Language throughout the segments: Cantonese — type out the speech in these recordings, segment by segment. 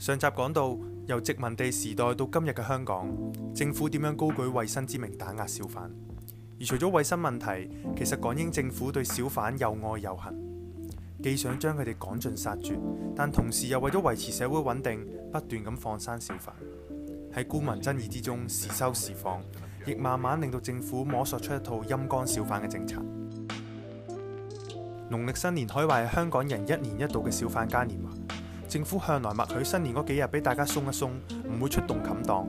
上集講到由殖民地時代到今日嘅香港政府點樣高舉衞生之名打壓小販，而除咗衞生問題，其實港英政府對小販又愛又恨，既想將佢哋趕盡殺絕，但同時又為咗維持社會穩定，不斷咁放生小販，喺官民爭議之中時收時放，亦慢慢令到政府摸索出一套陰乾小販嘅政策。農曆新年可以話係香港人一年一度嘅小販嘉年華。政府向來默許新年嗰幾日俾大家鬆一鬆，唔會出動冚檔。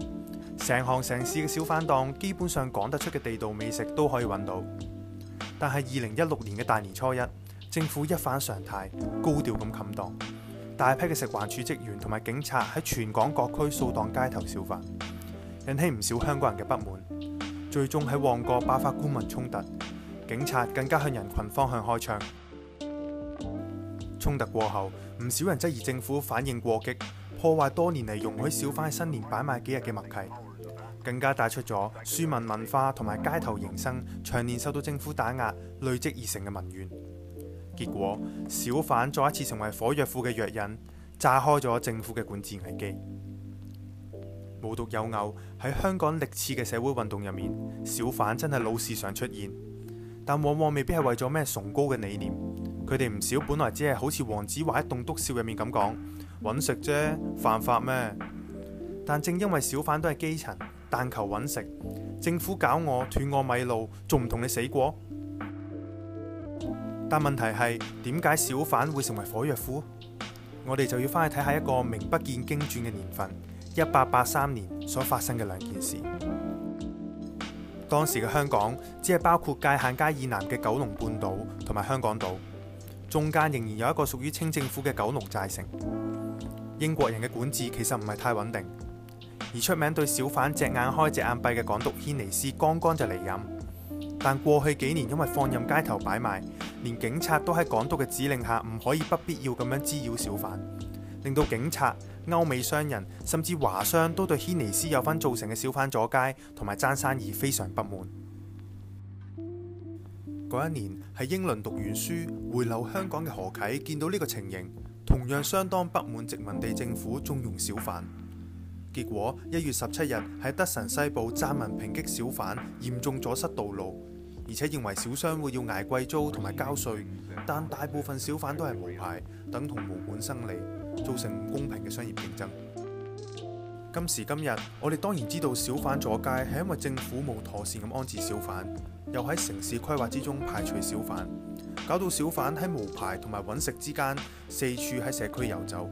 成行成市嘅小販檔，基本上講得出嘅地道美食都可以揾到。但係二零一六年嘅大年初一，政府一反常態，高調咁冚檔，大批嘅食環署職員同埋警察喺全港各區掃蕩街頭小販，引起唔少香港人嘅不滿。最終喺旺角爆發官民衝突，警察更加向人群方向開槍。衝突過後，唔少人質疑政府反應過激，破壞多年嚟容許小販喺新年擺賣幾日嘅默契，更加帶出咗庶民文化同埋街頭營生長年受到政府打壓累積而成嘅民怨。結果，小販再一次成為火藥庫嘅藥引，炸開咗政府嘅管治危機。無獨有偶，喺香港歷次嘅社會運動入面，小販真係老是常出現，但往往未必係為咗咩崇高嘅理念。佢哋唔少，本來只係好似黃子華喺棟篤笑入面咁講揾食啫，犯法咩？但正因為小販都係基層，但求揾食，政府搞我斷我米路，仲唔同你死過？但問題係點解小販會成為火藥庫？我哋就要翻去睇下一個名不見經傳嘅年份一八八三年所發生嘅兩件事。當時嘅香港只係包括界限街以南嘅九龍半島同埋香港島。中間仍然有一個屬於清政府嘅九龍寨城，英國人嘅管治其實唔係太穩定。而出名對小販隻眼開隻眼閉嘅港督軒尼詩剛剛就離任。但過去幾年因為放任街頭擺賣，連警察都喺港督嘅指令下唔可以不必要咁樣滋擾小販，令到警察、歐美商人甚至華商都對軒尼詩有份造成嘅小販阻街同埋爭生意非常不滿。嗰一年喺英倫讀完書回流香港嘅何啟見到呢個情形，同樣相當不滿殖民地政府縱容小販。結果一月十七日喺德臣西報，撰文抨擊小販，嚴重阻塞道路，而且認為小商會要捱貴租同埋交稅，但大部分小販都係無牌，等同無本生利，造成唔公平嘅商業競爭。今時今日，我哋當然知道小販阻街係因為政府冇妥善咁安置小販。又喺城市規劃之中排除小販，搞到小販喺無牌同埋揾食之間四處喺社區遊走。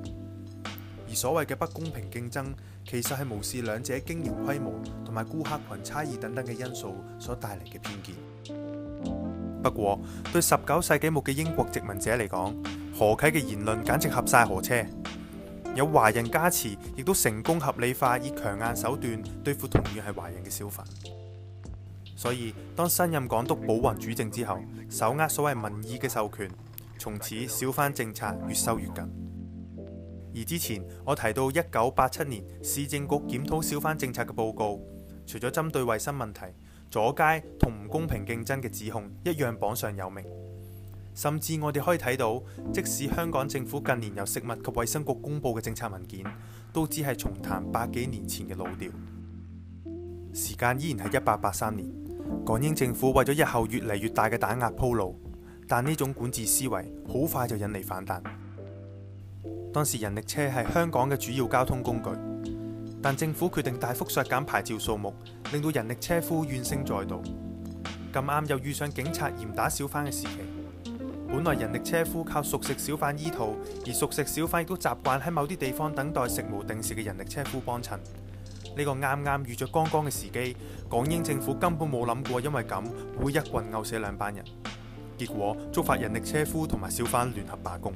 而所謂嘅不公平競爭，其實係無視兩者經營規模同埋顧客群差異等等嘅因素所帶嚟嘅偏見。不過，對十九世紀末嘅英國殖民者嚟講，何啟嘅言論簡直合晒合尺。有華人加持，亦都成功合理化以強硬手段對付同樣係華人嘅小販。所以，當新任港督寶雲主政之後，手握所謂民意嘅授權，從此小販政策越收越緊。而之前我提到一九八七年市政局檢討小販政策嘅報告，除咗針對衞生問題、阻街同唔公平競爭嘅指控，一樣榜上有名。甚至我哋可以睇到，即使香港政府近年由食物及衞生局公布嘅政策文件，都只係重彈百幾年前嘅老調。時間依然係一八八三年。港英政府為咗日後越嚟越大嘅打壓鋪路，但呢種管治思維好快就引嚟反彈。當時人力車係香港嘅主要交通工具，但政府決定大幅削減牌照數目，令到人力車夫怨聲載道。咁啱又遇上警察嚴打小販嘅時期，本來人力車夫靠熟食小販醫肚，而熟食小販亦都習慣喺某啲地方等待食無定時嘅人力車夫幫襯。呢、這個啱啱遇著剛剛嘅時機，港英政府根本冇諗過，因為咁會一棍拗死兩班人，結果觸發人力車夫同埋小販聯合罷工。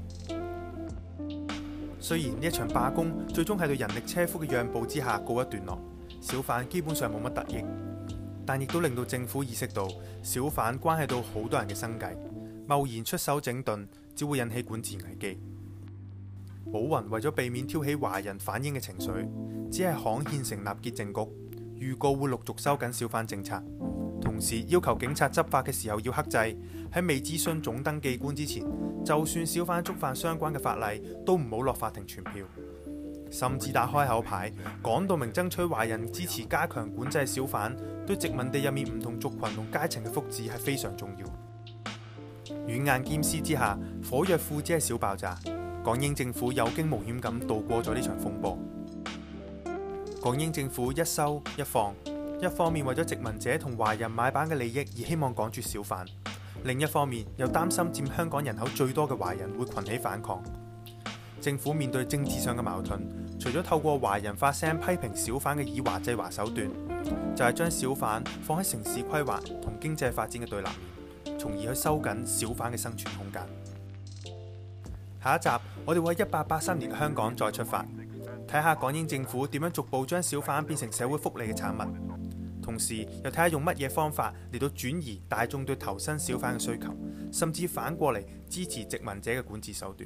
雖然呢一場罷工最終喺對人力車夫嘅讓步之下告一段落，小販基本上冇乜得益，但亦都令到政府意識到小販關係到好多人嘅生計，貿然出手整頓只會引起管治危機。寶雲為咗避免挑起華人反英嘅情緒。只係罕欠成立結政局，預告會陸續收緊小販政策，同時要求警察執法嘅時候要克制。喺未諮詢總登記官之前，就算小販觸犯相關嘅法例，都唔好落法庭傳票，甚至打開口牌講到明，爭取華人支持，加強管制小販，對殖民地入面唔同族群同階層嘅福祉係非常重要。軟硬兼施之下，火藥庫只係小爆炸，港英政府有驚無險咁度過咗呢場風波。港英政府一收一放，一方面為咗殖民者同華人買辦嘅利益而希望趕住小販，另一方面又擔心佔香港人口最多嘅華人會群起反抗。政府面對政治上嘅矛盾，除咗透過華人發聲批評小販嘅以華制華手段，就係將小販放喺城市規劃同經濟發展嘅對立面，從而去收緊小販嘅生存空間。下一集我哋會喺一八八三年嘅香港再出發。睇下港英政府點樣逐步將小販變成社會福利嘅產物，同時又睇下用乜嘢方法嚟到轉移大眾對投身小販嘅需求，甚至反過嚟支持殖民者嘅管治手段。